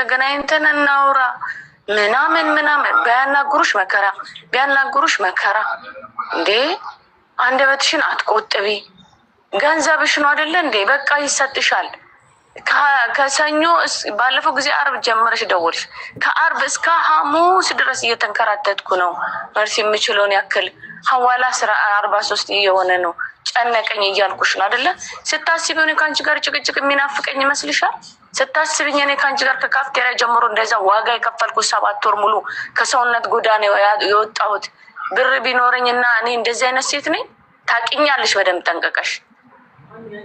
ተገናኝተን እናውራ ምናምን ምናምን። ቢያናግሩሽ መከራ ቢያናግሩሽ መከራ። እንዴ አንደበትሽን አትቆጥቢ። ገንዘብሽ ነው አይደለ እንዴ? በቃ ይሰጥሻል። ከሰኞ ባለፈው ጊዜ አርብ ጀመረሽ ደወልሽ። ከአርብ እስከ ሐሙስ ድረስ እየተንከራተትኩ ነው መርስ የምችለውን ያክል ሀዋላ ስራ አርባ ሶስት እየሆነ ነው ጨነቀኝ እያልኩሽ ነው አይደለ? ስታስቢ ሆነ ከአንቺ ጋር ጭቅጭቅ የሚናፍቀኝ ይመስልሻል? ስታስብኝ እኔ ከአንቺ ጋር ከካፍቴሪያ ጀምሮ እንደዛ ዋጋ የከፈልኩት ሰባት ወር ሙሉ ከሰውነት ጎዳና የወጣሁት ብር ቢኖረኝ እና እኔ እንደዚህ አይነት ሴት ነኝ። ታቂኛለሽ በደንብ ጠንቀቀሽ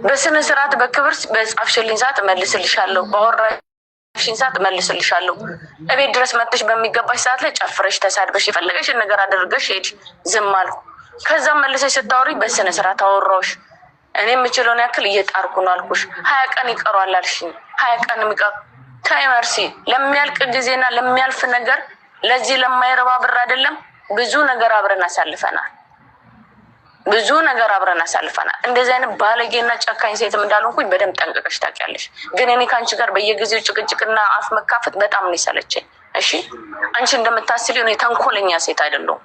በስነ ስርዓት በክብር በጻፍሽልኝ ሰዓት እመልስልሻለሁ፣ ባወራሽኝ ሰዓት እመልስልሻለሁ። እቤት ድረስ መጥተሽ በሚገባሽ ሰዓት ላይ ጨፍረሽ ተሳድበሽ የፈለገሽን ነገር አድርገሽ ሄድ ዝም አልኩ። ከዛም መልሰሽ ስታወሪ በስነ ስርዓት አወራሁሽ። እኔ የምችለውን ያክል እየጣርኩ ነው አልኩሽ። ሀያ ቀን ይቀሯል አልሽኝ። ሀያ ቀን የሚቀር ከኤመርሲ ለሚያልቅ ጊዜና ለሚያልፍ ነገር ለዚህ ለማይረባ ብር አይደለም። ብዙ ነገር አብረን አሳልፈናል። ብዙ ነገር አብረን አሳልፈናል። እንደዚህ አይነት ባለጌና ጨካኝ ሴትም እንዳልሆንኩኝ በደንብ ጠንቀቀሽ ታውቂያለሽ። ግን እኔ ከአንቺ ጋር በየጊዜው ጭቅጭቅና አፍ መካፈት በጣም ነው የሰለቸኝ። እሺ አንቺ እንደምታስቢው እኔ ተንኮለኛ ሴት አይደለሁም።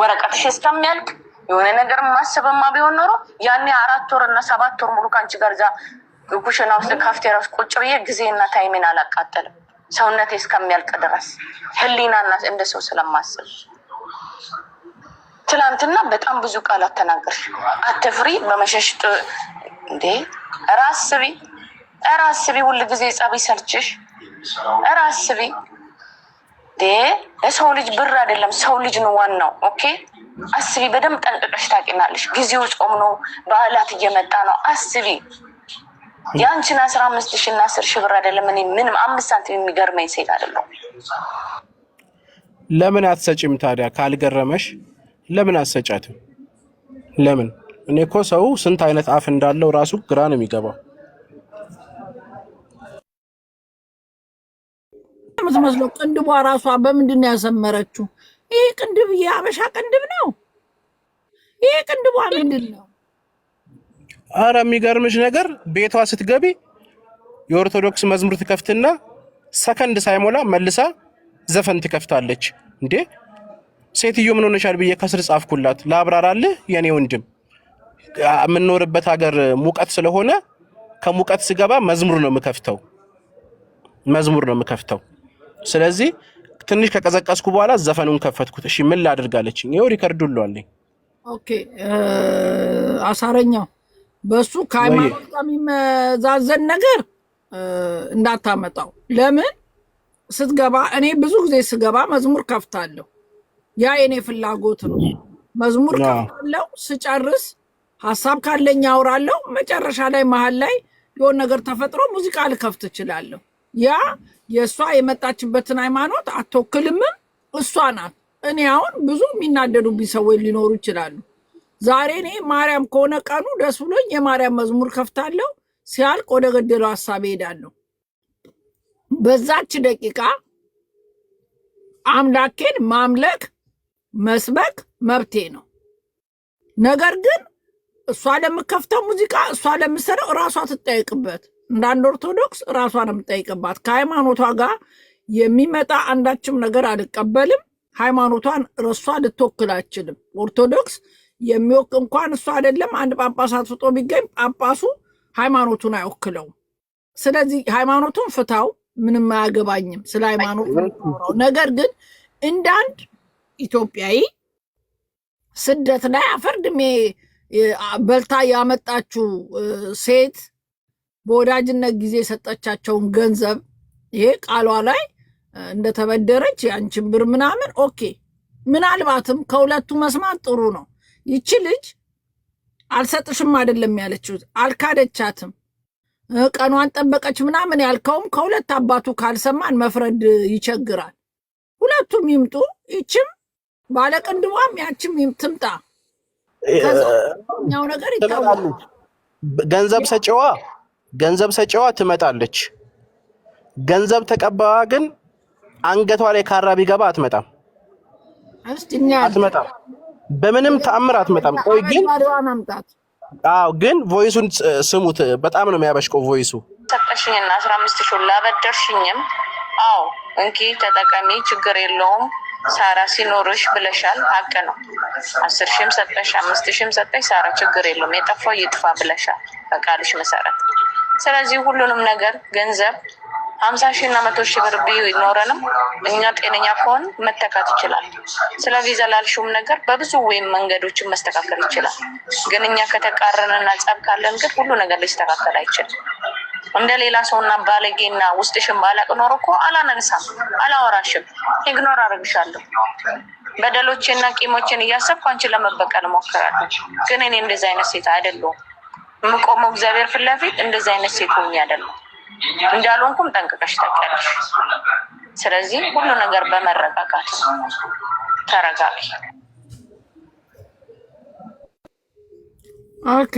ወረቀትሽ እስከሚያልቅ የሆነ ነገር ማሰብማ ቢሆን ኖሮ ያኔ አራት ወር እና ሰባት ወር ሙሉ ከአንቺ ጋር እዛ ኩሽና ውስጥ ካፍቴራ ውስጥ ቁጭ ብዬ ጊዜና ታይሜን አላቃጠልም። ሰውነቴ እስከሚያልቅ ድረስ ህሊናና እንደ ሰው ስለማስብ ትናንትና በጣም ብዙ ቃላት ተናገርሽ። አትፍሪ በመሸሽጥ እንዴ ራስቢ ራስቢ ሁል ጊዜ ጸቢ ሰርችሽ ራስቢ እንዴ ልጅ ብር አይደለም፣ ሰው ልጅ ነው ዋናው። ኦኬ አስቢ። በደንብ ጠንቅቀሽ ታቂናለሽ። ጊዜው ጾም ነው፣ በዓላት እየመጣ ነው። አስቢ የአንቺን አስራ አምስት ሺ እና አስር ሺ ብር አይደለም እኔ ምንም አምስት ሳንቲም የሚገርመኝ ሴት አይደለሁም። ለምን አትሰጭም ታዲያ? ካልገረመሽ ለምን አትሰጫትም? ለምን እኔ እኮ ሰው ስንት አይነት አፍ እንዳለው ራሱ ግራ ነው የሚገባው። የምትመስለው ቅንድቧ ራሷ በምንድን ነው ያሰመረችው? ይህ ቅንድብ የአበሻ ቅንድብ ነው። ይህ ቅንድቧ ምንድን ነው? አረ የሚገርምሽ ነገር ቤቷ ስትገቢ የኦርቶዶክስ መዝሙር ትከፍትና ሰከንድ ሳይሞላ መልሳ ዘፈን ትከፍታለች። እንዴ ሴትዮ ምን ሆነሻል ብዬ ከስር ጻፍኩላት። ላብራራልህ የኔ ወንድም የምንኖርበት ሀገር ሙቀት ስለሆነ ከሙቀት ስገባ መዝሙር ነው የምከፍተው መዝሙር ነው የምከፍተው። ስለዚህ ትንሽ ከቀዘቀዝኩ በኋላ ዘፈኑን ከፈትኩት። እሺ ምን ላድርጋለች? ይኸው ሪከርዱ አለኝ። ኦኬ አሳረኛው በሱ ከሃይማኖት የሚመዛዘን ነገር እንዳታመጣው። ለምን ስትገባ፣ እኔ ብዙ ጊዜ ስገባ መዝሙር ከፍታለሁ። ያ የኔ ፍላጎት ነው። መዝሙር ከፍታለሁ። ስጨርስ ሀሳብ ካለኝ አውራለሁ። መጨረሻ ላይ መሀል ላይ የሆን ነገር ተፈጥሮ ሙዚቃ ልከፍት እችላለሁ። ያ የእሷ የመጣችበትን ሃይማኖት አትወክልምም። እሷ ናት። እኔ አሁን ብዙ የሚናደዱብኝ ሰዎች ሊኖሩ ይችላሉ ዛሬ እኔ ማርያም ከሆነ ቀኑ ደስ ብሎኝ የማርያም መዝሙር ከፍታለሁ። ሲያልቅ ወደ ገደለው ሀሳብ እሄዳለሁ። በዛች ደቂቃ አምላኬን ማምለክ መስበክ መብቴ ነው። ነገር ግን እሷ ለምከፍተው ሙዚቃ እሷ ለምሰረው እራሷ ትጠይቅበት። እንዳንድ ኦርቶዶክስ እራሷ ነው የምጠይቅባት። ከሃይማኖቷ ጋር የሚመጣ አንዳችም ነገር አልቀበልም። ሃይማኖቷን እርሷ ልትወክል አይችልም። ኦርቶዶክስ የሚወቅ እንኳን እሱ አይደለም አንድ ጳጳሳት ፍጦ ቢገኝ ጳጳሱ ሃይማኖቱን አይወክለውም። ስለዚህ ሃይማኖቱን ፍታው፣ ምንም አያገባኝም ስለ ሃይማኖቱ። ነገር ግን እንዳንድ ኢትዮጵያዊ ስደት ላይ አፈር ድሜ በልታ ያመጣችው ሴት በወዳጅነት ጊዜ የሰጠቻቸውን ገንዘብ ይሄ ቃሏ ላይ እንደተበደረች የአንቺን ብር ምናምን ኦኬ፣ ምናልባትም ከሁለቱ መስማት ጥሩ ነው። ይቺ ልጅ አልሰጥሽም አይደለም ያለችው፣ አልካደቻትም። ቀኗን ጠበቀች ምናምን ያልከውም ከሁለት አባቱ ካልሰማን መፍረድ ይቸግራል። ሁለቱም ይምጡ፣ ይችም ባለቅንድቧም ያችም ትምጣ። ከዛኛው ነገር ይታወቃል። ገንዘብ ሰጪዋ ገንዘብ ሰጪዋ ትመጣለች። ገንዘብ ተቀባዋ ግን አንገቷ ላይ ካራ ቢገባ አትመጣም፣ አትመጣም። በምንም ተአምር አትመጣም። ቆይ ግን አዎ፣ ግን ቮይሱን ስሙት። በጣም ነው የሚያበሽቀው ቮይሱ። ሰጠሽኝና አስራ አምስት ሺህ ላበደርሽኝም፣ አዎ እንኪ ተጠቀሚ፣ ችግር የለውም ሳራ ሲኖርሽ ብለሻል። ሀቅ ነው። አስር ሺህም ሰጠሽ፣ አምስት ሽም ሰጠሽ። ሳራ ችግር የለውም የጠፋው ይጥፋ ብለሻል በቃልሽ መሰረት። ስለዚህ ሁሉንም ነገር ገንዘብ ሀምሳ ሺህ እና መቶ ሺህ ብር ይኖረንም እኛ ጤነኛ ከሆን መተካት ይችላል። ስለ ቪዛ ላልሽውም ነገር በብዙ ወይም መንገዶችን መስተካከል ይችላል። ግን እኛ ከተቃረንና ጸብ ካለን ግን ሁሉ ነገር ሊስተካከል አይችልም። እንደ ሌላ ሰውና ባለጌና ውስጥሽን ባላቅ ኖሮ እኮ አላነሳም፣ አላወራሽም፣ ኢግኖር አድርግሻለሁ። በደሎችና ቂሞችን እያሰብኩ አንቺን ለመበቀል እሞክራለሁ። ግን እኔ እንደዚህ አይነት ሴት አይደለሁም። የምቆመው እግዚአብሔር ፊት ለፊት እንደዚህ አይነት ሴት ሆኜ አይደለሁም። እንዳልሆንኩም ጠንቅቀሽ ታውቂያለሽ። ስለዚህ ሁሉ ነገር በመረጋጋት ተረጋጊ። ኦኬ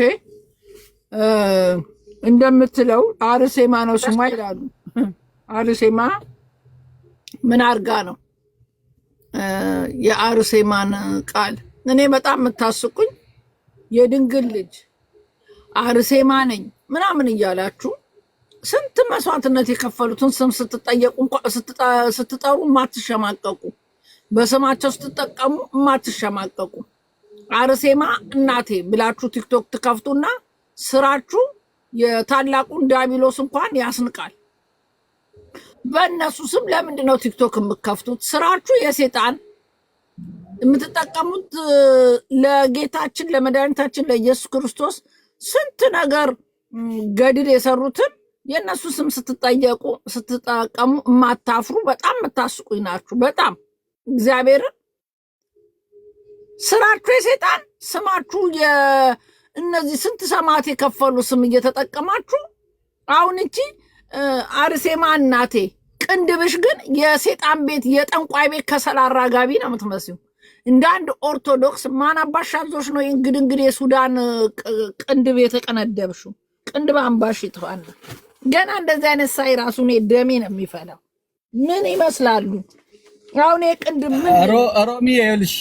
እንደምትለው አርሴማ ነው ስሟ ይላሉ። አርሴማ ምን አርጋ ነው የአርሴማን ቃል እኔ በጣም የምታስቁኝ የድንግል ልጅ አርሴማ ነኝ ምናምን እያላችሁ ስንት መስዋዕትነት የከፈሉትን ስም ስትጠየቁ ስትጠሩ ማትሸማቀቁ በስማቸው ስትጠቀሙ ማትሸማቀቁ አርሴማ እናቴ ብላችሁ ቲክቶክ ትከፍቱና ስራችሁ የታላቁን ዲያብሎስ እንኳን ያስንቃል። በእነሱ ስም ለምንድን ነው ቲክቶክ የምከፍቱት? ስራችሁ የሴጣን የምትጠቀሙት ለጌታችን ለመድኃኒታችን ለኢየሱስ ክርስቶስ ስንት ነገር ገድል የሰሩትን የእነሱ ስም ስትጠየቁ ስትጠቀሙ የማታፍሩ በጣም የምታስቁኝ ናችሁ። በጣም እግዚአብሔርን ስራችሁ የሴጣን ስማችሁ እነዚህ ስንት ሰማዕት የከፈሉ ስም እየተጠቀማችሁ አሁን እቺ አርሴማ እናቴ ቅንድብሽ ግን የሴጣን ቤት የጠንቋይ ቤት ከሰላራ ጋቢ ነው የምትመስዩ። እንደ አንድ ኦርቶዶክስ ማን አባሽ አዞሽ ነው እንግድ እንግዲህ የሱዳን ቅንድብ የተቀነደብሹ ቅንድብ አምባሽ ይጥፋና ገና እንደዚህ አይነት ሳይ ራሱ እኔ ደሜ ነው የሚፈለው። ምን ይመስላሉ? አሁን የቅንድም ሮሚ ይልሽ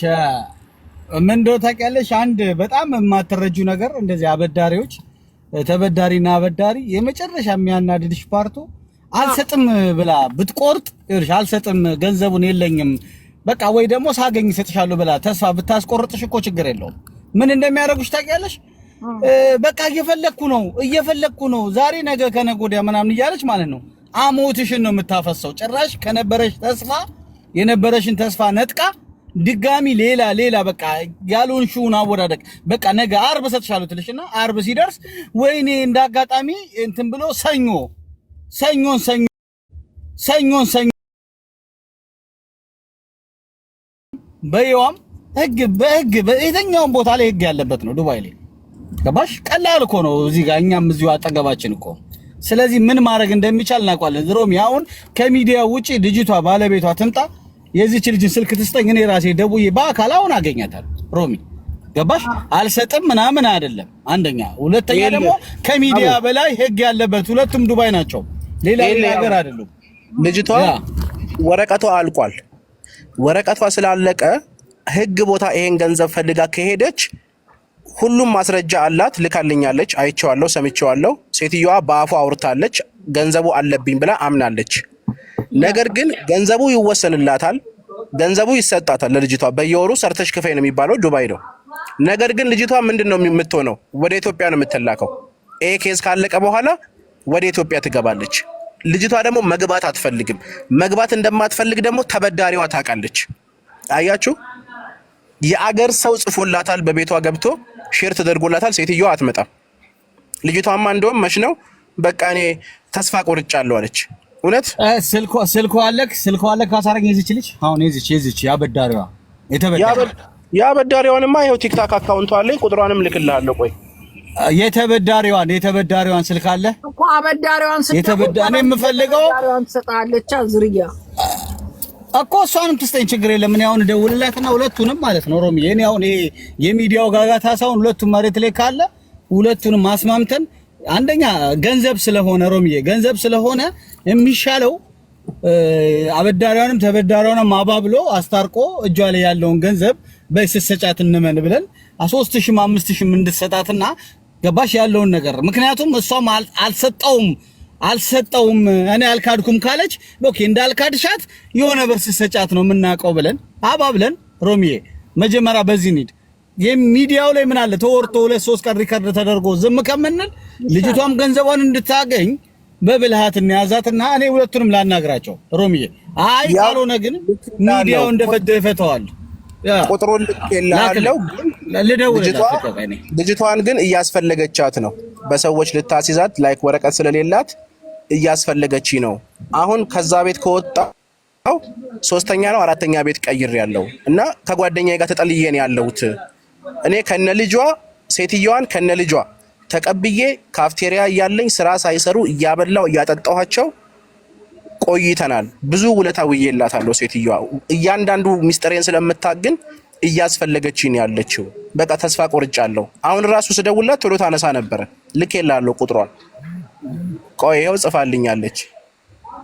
ምን እንደው ታውቂያለሽ፣ አንድ በጣም የማትረጁ ነገር እንደዚህ አበዳሪዎች፣ ተበዳሪና አበዳሪ የመጨረሻ የሚያናድድሽ ፓርቱ አልሰጥም ብላ ብትቆርጥ ይልሽ አልሰጥም፣ ገንዘቡን የለኝም በቃ ወይ ደግሞ ሳገኝ እሰጥሻለሁ ብላ ተስፋ ብታስቆርጥሽ እኮ ችግር የለውም። ምን እንደሚያደርጉሽ ታውቂያለሽ? በቃ እየፈለግኩ ነው እየፈለግኩ ነው ዛሬ ነገ ከነገ ወዲያ ምናምን እያለች ማለት ነው። አሞትሽን ነው የምታፈሰው። ጭራሽ ከነበረሽ ተስፋ የነበረሽን ተስፋ ነጥቃ ድጋሚ ሌላ ሌላ በቃ ያልሆንሽውን አወዳደቅ በቃ ነገ አርብ እሰጥሻለሁ ትልሽና አርብ ሲደርስ ወይኔ እንዳጋጣሚ እንትን ብሎ ሰኞ ሰኞን ሰኞ ሰኞን ሰኞ በየዋም ህግ በህግ በየትኛውም ቦታ ላይ ህግ ያለበት ነው ዱባይ ላይ ገባሽ? ቀላል እኮ ነው። እዚህ ጋር እኛም እዚሁ አጠገባችን እኮ ስለዚህ ምን ማድረግ እንደሚቻል እናውቋለን። ድሮም ያሁን ከሚዲያ ውጪ ልጅቷ ባለቤቷ ትምጣ የዚች ልጅን ስልክ ትስጠኝ፣ እኔ ራሴ ደውዬ በአካል አሁን አገኛታል። ሮሚ ገባሽ? አልሰጥም ምናምን አይደለም። አንደኛ፣ ሁለተኛ ደግሞ ከሚዲያ በላይ ህግ ያለበት ሁለቱም ዱባይ ናቸው። ሌላ ነገር አይደሉም። ልጅቷ ወረቀቷ አልቋል። ወረቀቷ ስላለቀ ህግ ቦታ ይሄን ገንዘብ ፈልጋ ከሄደች ሁሉም ማስረጃ አላት፣ ልካልኛለች፣ አይቼዋለሁ፣ ሰምቼዋለሁ። ሴትዮዋ በአፉ አውርታለች፣ ገንዘቡ አለብኝ ብላ አምናለች። ነገር ግን ገንዘቡ ይወሰንላታል፣ ገንዘቡ ይሰጣታል ለልጅቷ። በየወሩ ሰርተሽ ክፈይ ነው የሚባለው፣ ዱባይ ነው። ነገር ግን ልጅቷ ምንድን ነው የምትሆነው? ወደ ኢትዮጵያ ነው የምትላከው። ይሄ ኬዝ ካለቀ በኋላ ወደ ኢትዮጵያ ትገባለች። ልጅቷ ደግሞ መግባት አትፈልግም። መግባት እንደማትፈልግ ደግሞ ተበዳሪዋ ታውቃለች። አያችሁ፣ የአገር ሰው ጽፎላታል በቤቷ ገብቶ ሼር ተደርጎላታል። ሴትዮዋ አትመጣም። ልጅቷማ እንደውም መች ነው በቃ እኔ ተስፋ ቆርጫለሁ አለች። እውነት ስልኩ ስልኮ አለክ ስልኩ አለክ ካሳረግ የዚች ልጅ አሁን የዚች የዚች ያበዳሪዋ ያበዳሪዋንማ ይኸው ቲክታክ አካውንቱ አለኝ ቁጥሯንም ልክልሃለሁ። ቆይ የተበዳሪዋን የተበዳሪዋን ስልክ አለ እኮ አበዳሪዋን ስልክ እኔ የምፈልገው እኮ እሷንም ትስጠኝ ችግር የለም። እኔ አሁን እደውልላትና ሁለቱንም ማለት ነው ሮሚ፣ እኔ አሁን የሚዲያው ጋጋታ ሳይሆን ሁለቱም መሬት ላይ ካለ ሁለቱንም አስማምተን አንደኛ ገንዘብ ስለሆነ ሮሚዬ፣ ገንዘብ ስለሆነ የሚሻለው አበዳሪዋንም ተበዳሪዋንም አባብሎ አስታርቆ እጇ ላይ ያለውን ገንዘብ በስሰጫት እንመን ብለን ሶስት ሺህም አምስት ሺህም እንድትሰጣትና ገባሽ ያለውን ነገር ምክንያቱም እሷም አልሰጠውም አልሰጠውም እኔ አልካድኩም ካለች ኦኬ እንዳልካድሻት የሆነ ብር ስትሰጫት ነው የምናውቀው ብለን አባብለን ሮሚዬ መጀመሪያ በዚህ ኒድ የሚዲያው ላይ ምን አለ ተወርቶ ሁለት ሶስት ቀን ሪከርድ ተደርጎ ዝም ከምንል ልጅቷም ገንዘቧን እንድታገኝ በብልሃት እናያዛትና እኔ ሁለቱንም ላናግራቸው ሮሚዬ። አይ ካልሆነ ግን ሚዲያው እንደፈደ ይፈተዋል። ቁጥሩን ልኬልሃለሁ። ልጅቷን ግን እያስፈለገቻት ነው። በሰዎች ልታስይዛት ላይክ ወረቀት ስለሌላት እያስፈለገች ነው። አሁን ከዛ ቤት ከወጣው ሶስተኛ ነው አራተኛ ቤት ቀይር ያለው እና ከጓደኛ ጋር ነው ያለሁት እኔ ከነ ልጇ ሴትየዋን ከነ ልጇ ተቀብዬ ካፍቴሪያ እያለኝ ስራ ሳይሰሩ እያበላው እያጠጣኋቸው ቆይተናል። ብዙ ውለታ ውዬላታለሁ። ሴትየዋ እያንዳንዱ ሚስጥሬን ስለምታግን እያስፈለገችኝ ያለችው በቃ ተስፋ ቆርጫለሁ። አሁን ራሱ ስደውላት ቶሎ ታነሳ ነበረ። ልኬላለሁ ቁጥሯል ቆየው ጽፋልኛለች